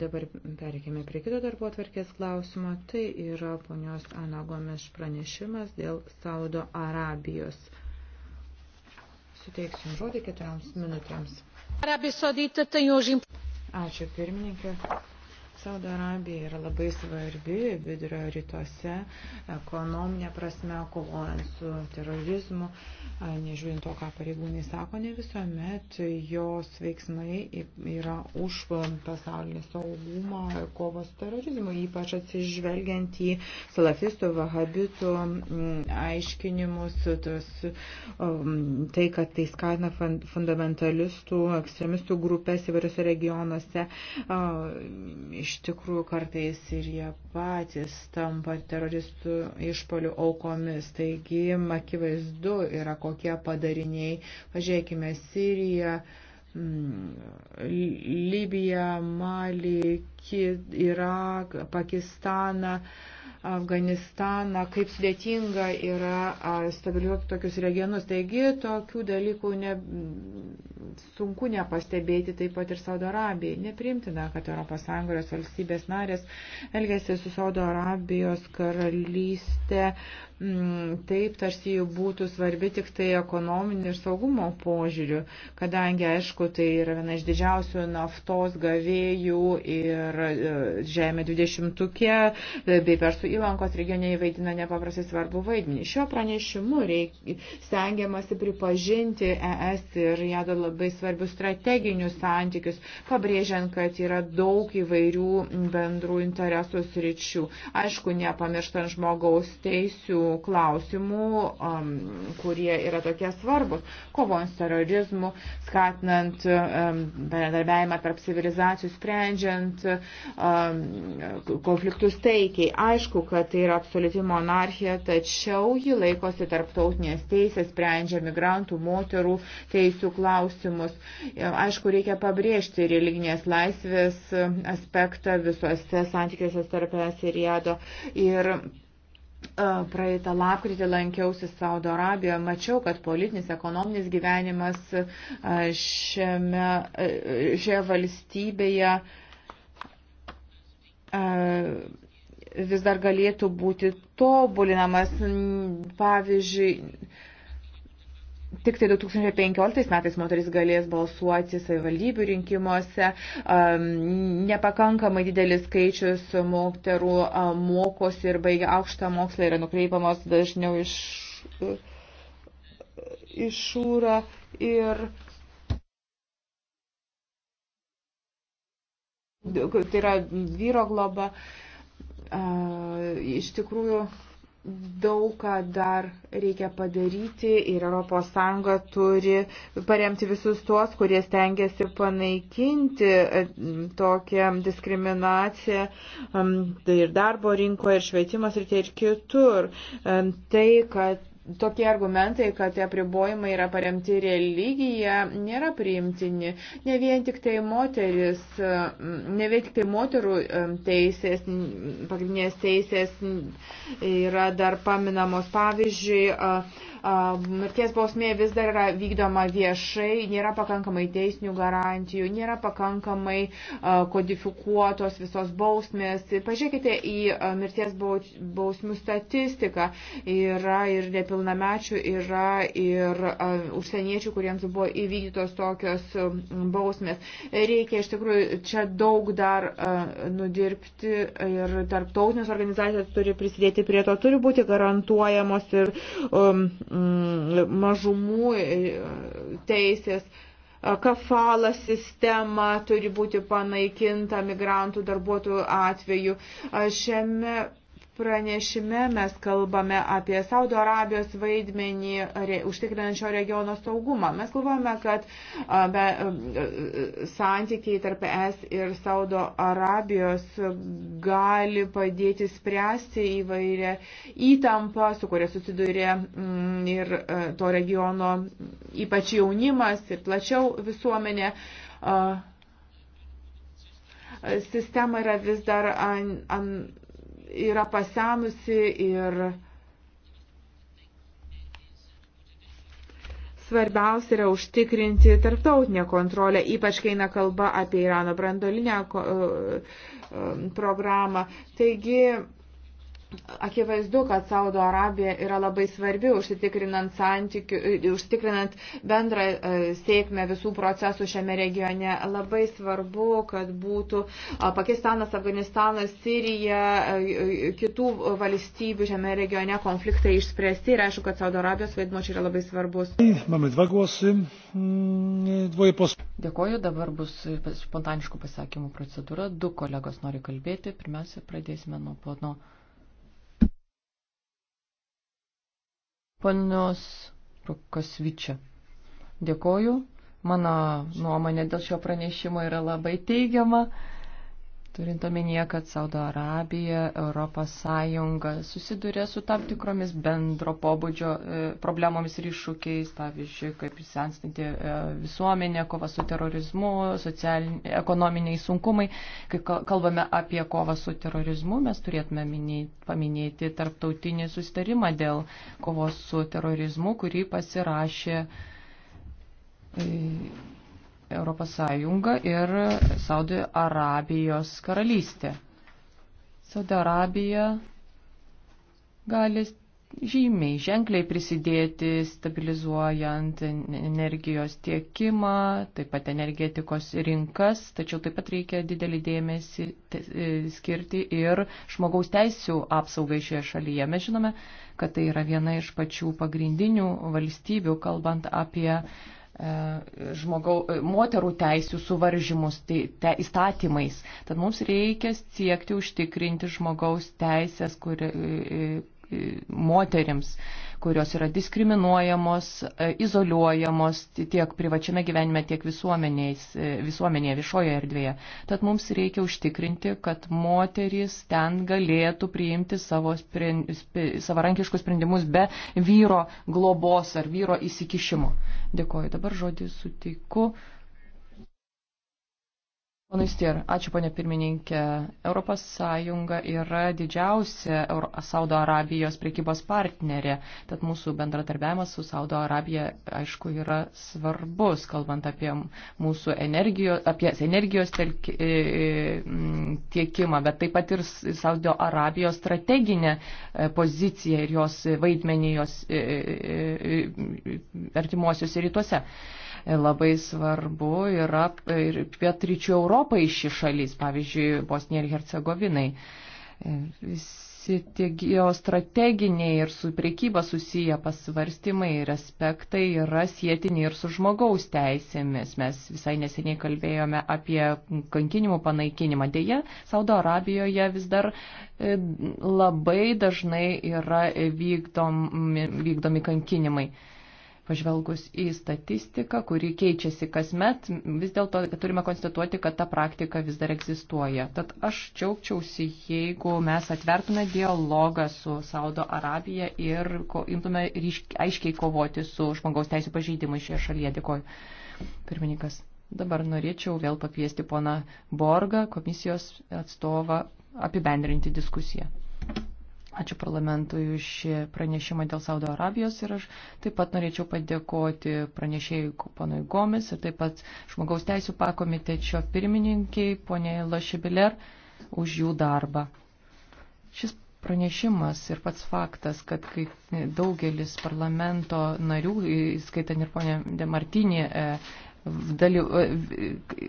Dabar perėkime prie kito darbo atvarkės klausimo. Tai yra ponios Anagomis pranešimas dėl Saudo Arabijos. Suteiksim žodį keturioms minutėms. Tai Ačiū pirmininkė. Saudo Arabija yra labai svarbi vidurio rytuose ekonominė prasme, kovojant su terorizmu, nežiūrint to, ką pareigūnai sako, ne visuomet jos veiksmai yra už pasaulinį saugumą kovos su terorizmu, ypač atsižvelgiant į salafistų, vahabitų aiškinimus, tos, tai, kad tai skatina fundamentalistų, ekstremistų grupės įvairiose regionuose iš tikrųjų kartais ir jie patys tampa teroristų išpolių aukomis. Taigi, akivaizdu yra kokie padariniai. Pažiūrėkime, Sirija, mm, Libija, Mali, Iraką, Pakistaną. Afganistaną, kaip sudėtinga yra stabilizuoti tokius regionus. Taigi tokių dalykų ne, sunku nepastebėti taip pat ir Saudo Arabijai. Neprimtina, kad ES valstybės narės elgėsi su Saudo Arabijos karalystė Mm, taip tarsi jų būtų svarbi tik tai ekonominių ir saugumo požiūrių, kadangi, aišku, tai yra viena iš didžiausių naftos gavėjų ir e, žemė 20-ukė e, bei Persų įlankos regioniai vaidina nepaprastai svarbu vaidmenį. Šio pranešimu reikia, stengiamasi pripažinti ES ir jado labai svarbius strateginius santykius, pabrėžiant, kad yra daug įvairių bendrų interesų sričių. Aišku, nepamirštant žmogaus teisių klausimų, um, kurie yra tokie svarbus, kovojant su terorizmu, skatinant um, bendradarbiavimą tarp civilizacijų, sprendžiant um, konfliktus taikiai. Aišku, kad tai yra absoliuti monarchija, tačiau ji laikosi tarptautinės teisės, sprendžia migrantų, moterų teisų klausimus. Aišku, reikia pabrėžti religinės laisvės aspektą visuose santykiuose tarp Siriado ir Praeitą lapkritį lankiausi Saudo Arabijoje, mačiau, kad politinis, ekonominis gyvenimas šiame, šioje valstybėje vis dar galėtų būti tobulinamas. Pavyzdžiui, Tik tai 2015 metais moteris galės balsuoti savivaldybių rinkimuose. Nepakankamai didelis skaičius moterų mokosi ir baigia aukštą mokslą yra nukreipiamos dažniau iš, e, iš šūrą ir tai yra vyro globa. Iš tikrųjų, daug ką dar reikia padaryti ir ES turi paremti visus tuos, kurie stengiasi panaikinti e, tokią diskriminaciją tai ir darbo rinkoje, ir švietimas, ir tai ir kitur. E, tai, kad tokie argumentai, kad tie apribojimai yra paremti religija, nėra priimtini. Ne vien tik tai moteris, mm, ne vien tik tai moterų mm, teisės, pagrindinės teisės mm, yra dar paminamos. Pavyzdžiui, mirties bausmė vis dar yra vykdoma viešai, nėra pakankamai teisinių garantijų, nėra pakankamai kodifikuotos visos bausmės. Pažiūrėkite į mirties bausmių statistiką. Yra ir nepilnamečių, yra ir užsieniečių, kuriems buvo įvykdytos tokios bausmės. Reikia iš tikrųjų čia daug dar nudirbti ir tarptautinės organizacijos turi prisidėti prie to, turi būti garantuojamos ir um, Mm, mažumų e, teisės, e, kafalą sistema turi būti panaikinta migrantų darbuotojų atveju. E, šiame Pranešime mes kalbame apie Saudo Arabijos vaidmenį re, užtikrinančio regiono saugumą. Mes kalbame, kad be, santykiai tarp ES ir Saudo Arabijos gali padėti spręsti įvairią įtampą, su kuria susidurė mm, ir to regiono ypač jaunimas ir plačiau visuomenė sistema yra vis dar an, an, yra pasenusi ir svarbiausia yra užtikrinti tarptautinę kontrolę, ypač kai eina kalba apie Irano brandolinę e, e, programą. Taigi Akivaizdu, kad Saudo Arabija yra labai svarbi užsitikrinant, santykių, e, užsitikrinant bendrą e, sėkmę visų procesų šiame regione. Labai svarbu, kad būtų Pakistanas, Afganistanas, Sirija, e, kitų valstybių šiame regione konfliktai išspręsti ir aišku, kad Saudo Arabijos vaidmo čia yra labai svarbus. Mm, Dėkoju, dabar bus spontaniškų pasakymų procedūra. Du kolegos nori kalbėti. Pirmiausia, pradėsime nuo pono. Ponios Rukasvičia. Dėkoju. Mano nuomonė dėl šio pranešimo yra labai teigiama. Turint omenyje, kad Saudo Arabija, Europos Sąjunga susiduria su tam tikromis bendro pobūdžio e, problemomis ir iššūkiais, pavyzdžiui, kaip senstanti e, visuomenė, kova su terorizmu, ekonominiai sunkumai. Kai kalbame apie kovą su terorizmu, mes turėtume minėti, paminėti tarptautinį sustarimą dėl kovos su terorizmu, kurį pasirašė e, Europos Sąjunga ir Saudo Arabijos karalystė. Saudo Arabija gali žymiai, ženkliai prisidėti stabilizuojant energijos tiekimą, taip pat energetikos rinkas, tačiau taip pat reikia didelį dėmesį e, skirti ir žmogaus teisų apsaugai šioje šalyje. Mes žinome, kad tai yra viena iš pačių pagrindinių valstybių, kalbant apie uh, E, žmogau, e, moterų teisių suvaržymus tai, te, įstatymais. Tad mums reikia siekti užtikrinti žmogaus teisės, kur, e, moterims, kurios yra diskriminuojamos, e, izoliuojamos tiek privačiame gyvenime, tiek e, visuomenėje, viešoje erdvėje. Tad mums reikia užtikrinti, kad moteris ten galėtų priimti savo sprend, savarankiškus sprendimus be vyro globos ar vyro įsikišimo. Dėkoju. Dabar žodį sutiku. Ponai Stier, ačiū ponė pirmininkė. Europos Sąjunga yra didžiausia Saudo Arabijos priekybos partnerė, tad mūsų bendradarbiavimas su Saudo Arabija, aišku, yra svarbus, kalbant apie mūsų energijos, apie energijos telk, e, e, tiekimą, bet taip pat ir Saudo Arabijos strateginę e, poziciją ir jos vaidmenį jos artimuosiuose rytuose. Labai svarbu yra ir pietryčių Europai šį šalis, pavyzdžiui, Bosnijai ir Hercegovinai. Visi tie geostrateginiai ir su priekyba susiję pasvarstymai ir aspektai yra sėtini ir su žmogaus teisėmis. Mes visai neseniai kalbėjome apie kankinimų panaikinimą. Deja, Saudo Arabijoje vis dar e, labai dažnai yra vykdomi, vykdomi kankinimai. Pažvelgus į statistiką, kuri keičiasi kasmet, vis dėlto turime konstatuoti, kad ta praktika vis dar egzistuoja. Tad aš čiaukčiausi, jeigu mes atvertume dialogą su Saudo Arabija ir imtume ryšk, aiškiai kovoti su žmogaus teisų pažeidimais šioje šalyje. Dėkoju. Pirmininkas. Dabar norėčiau vėl pakviesti poną Borgą, komisijos atstovą, apibendrinti diskusiją. Ačiū parlamentui už šį pranešimą dėl Saudo Arabijos ir aš taip pat norėčiau padėkoti pranešėjai ponui Gomis ir taip pat žmogaus teisų pakomitečio pirmininkiai poniai Lašibiler už jų darbą. Šis pranešimas ir pats faktas, kad kai daugelis parlamento narių, skaitant ir ponė Demartinė, e, daly,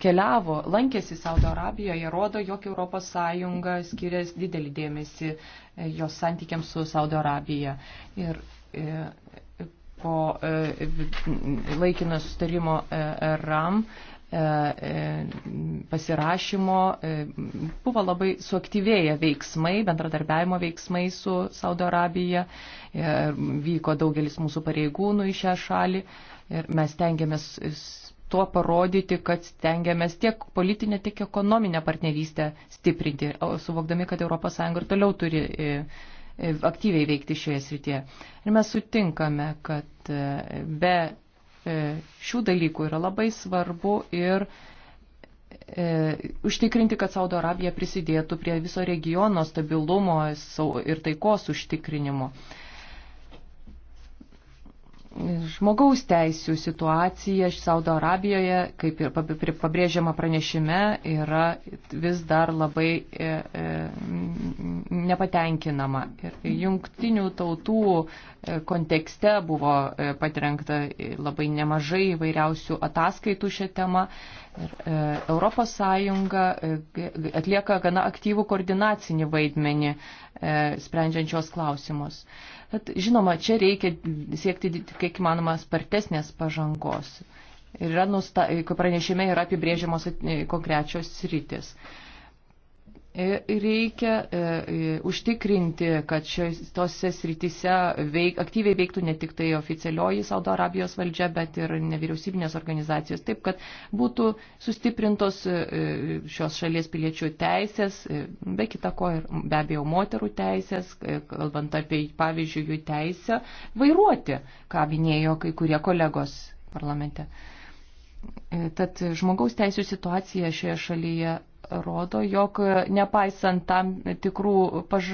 keliavo, lankėsi Saudo Arabijoje, rodo, jog ES skiria didelį dėmesį e, jos santykiams su Saudo Arabija. Ir e, po e, laikino sustarimo RAM pasirašymo buvo labai suaktyvėję veiksmai, bendradarbiavimo veiksmai su Saudo Arabija, vyko daugelis mūsų pareigūnų į šią šalį ir mes tengiamės tuo parodyti, kad stengiamės tiek politinę, tiek ekonominę partnerystę stiprinti, suvokdami, kad ES ir toliau turi e, e, aktyviai veikti šioje srityje. Ir mes sutinkame, kad e, be šių dalykų yra labai svarbu ir e, užtikrinti, kad Saudo Arabija prisidėtų prie viso regiono stabilumo ir taikos užtikrinimo. E, žmogaus teisų situacija Saudo Arabijoje, kaip ir pabrėžiama pranešime, yra vis dar labai e, e, nepatenkinama. Ir jungtinių tautų e, kontekste buvo patrenkta labai nemažai įvairiausių ataskaitų šią temą. Europos Sąjunga atlieka gana aktyvų koordinacinį vaidmenį E, sprendžiančios klausimus. Bet, žinoma, čia reikia siekti, kiek įmanoma, spartesnės pažangos. Yra nusta, pranešime yra apibrėžiamos e, konkrečios sritis. E, reikia e, e, užtikrinti, kad šios, tose srityse veik, aktyviai veiktų ne tik tai oficialioji Saudo Arabijos valdžia, bet ir nevyriausybinės organizacijos, taip kad būtų sustiprintos šios šalies piliečių teisės, be kita ko ir be abejo moterų teisės, kalbant apie pavyzdžiui jų teisę vairuoti, ką minėjo kai kurie kolegos parlamente. Tad žmogaus teisų situacija šioje šalyje rodo, jog nepaisant tam tikrų paž...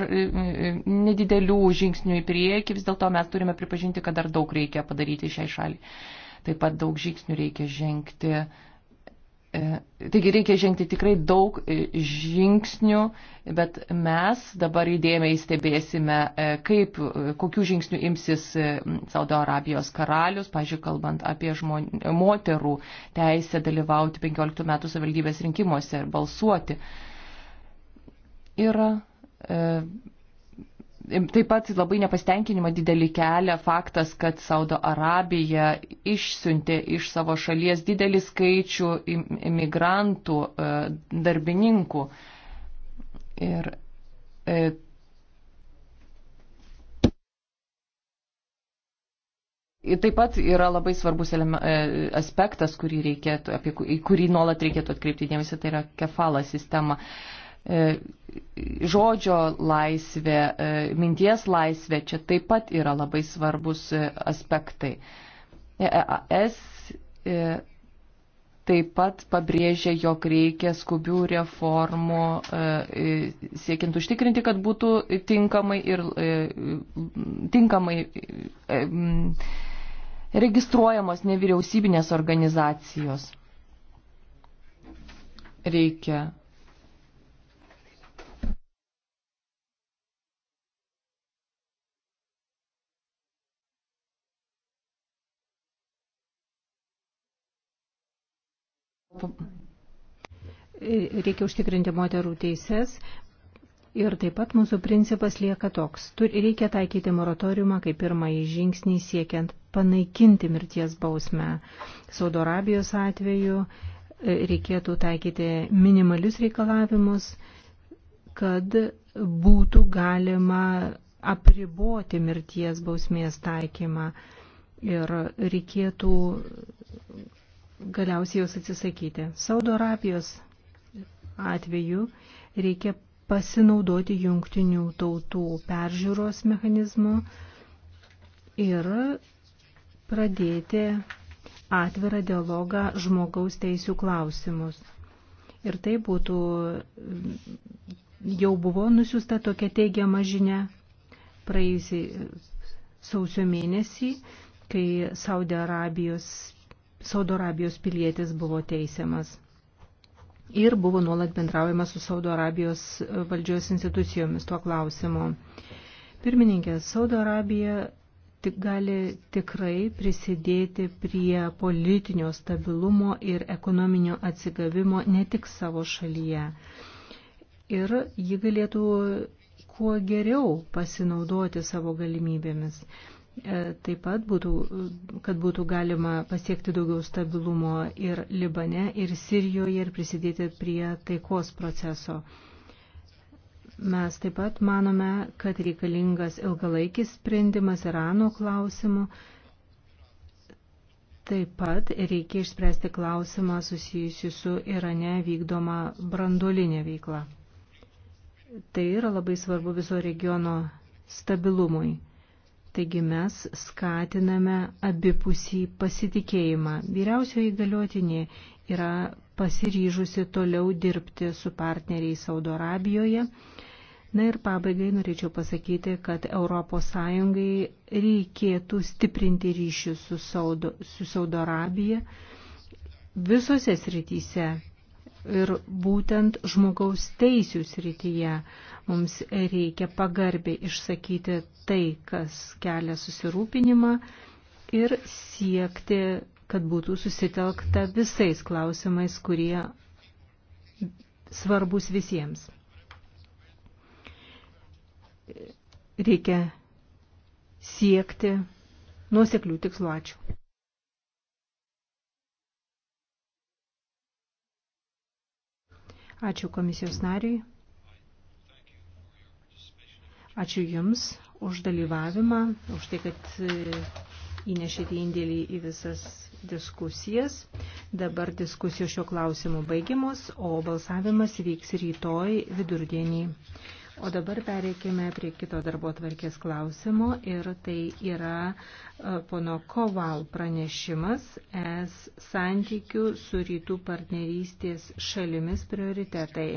nedidelių žingsnių į priekį, vis dėlto mes turime pripažinti, kad dar daug reikia padaryti šiai šaliai. Taip pat daug žingsnių reikia žengti uh, E, taigi reikia žengti tikrai daug e, žingsnių, bet mes dabar įdėmiai stebėsime, e, kaip, kokių žingsnių imsis Saudo Arabijos karalius, pažiūrėjau, kalbant apie žmon, moterų teisę dalyvauti 15 metų savivaldybės rinkimuose ir balsuoti. Yra e, Taip pat labai nepasitenkinimą didelį kelią faktas, kad Saudo Arabija išsiuntė iš savo šalies didelį skaičių imigrantų, e, darbininkų. Ir e, Taip pat yra labai svarbus e, aspektas, kurį reikėtų, apie kurį nuolat reikėtų atkreipti dėmesį, tai yra kefalo sistema žodžio laisvė, e, minties laisvė čia taip pat yra labai svarbus e, aspektai. EAS e, taip pat pabrėžia, jog reikia skubių reformų siekiant užtikrinti, kad būtų tinkamai ir tinkamai registruojamos nevyriausybinės organizacijos. Reikia Reikia užtikrinti moterų teises, Ir taip pat mūsų principas lieka toks. Reikia taikyti moratoriumą kaip pirmąjį žingsnį siekiant panaikinti mirties bausmę. Saudo Arabijos atveju e, reikėtų taikyti minimalius reikalavimus, kad būtų galima apriboti mirties bausmės taikymą. Ir reikėtų galiausiai jos atsisakyti. Saudo Arabijos atveju reikia pasinaudoti jungtinių tautų peržiūros mechanizmu ir pradėti atvirą dialogą žmogaus teisių klausimus. Ir tai būtų, jau buvo nusiusta tokia teigiama žinia praėjusį sausio mėnesį, kai Saudė Arabijos Saudo Arabijos pilietis buvo teisiamas ir buvo nuolat bendraujama su Saudo Arabijos e, valdžios institucijomis tuo klausimu. Pirmininkė, Saudo Arabija tik gali tikrai prisidėti prie politinio stabilumo ir ekonominio atsigavimo ne tik savo šalyje. Ir ji galėtų kuo geriau pasinaudoti savo galimybėmis. E, taip pat būtų, kad būtų galima pasiekti daugiau stabilumo ir Libane, ir Sirijoje, ir prisidėti prie taikos proceso. Mes taip pat manome, kad reikalingas ilgalaikis sprendimas Irano klausimu. Taip pat reikia išspręsti klausimą susijusiu su Irane vykdoma brandolinė veikla. Tai yra labai svarbu viso regiono stabilumui. Taigi mes skatiname abipusį pasitikėjimą. Vyriausioji galiotinė yra pasiryžusi toliau dirbti su partneriais Saudo Arabijoje. Na ir pabaigai norėčiau pasakyti, kad ES reikėtų stiprinti ryšius su Saudo, su Saudo Arabija visose srityse ir būtent žmogaus teisų srityje mums reikia pagarbiai išsakyti tai, kas kelia susirūpinimą ir siekti, kad būtų susitelkta visais klausimais, kurie svarbus visiems. Reikia siekti nuoseklių tikslų. Ačiū. Ačiū komisijos nariui. Ačiū Jums už dalyvavimą, už tai, kad e, įnešėte indėlį į visas diskusijas. Dabar diskusijos šio klausimu baigiamos, o balsavimas vyks rytoj vidurdienį. O dabar pereikime prie kito darbo tvarkės klausimo ir tai yra e, pono Koval pranešimas es santykių su rytų partnerystės šalimis prioritetai.